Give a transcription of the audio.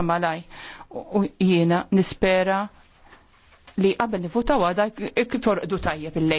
ta' malaj. U jiena nispera li qabel nifutaw għada iktor du tajjeb il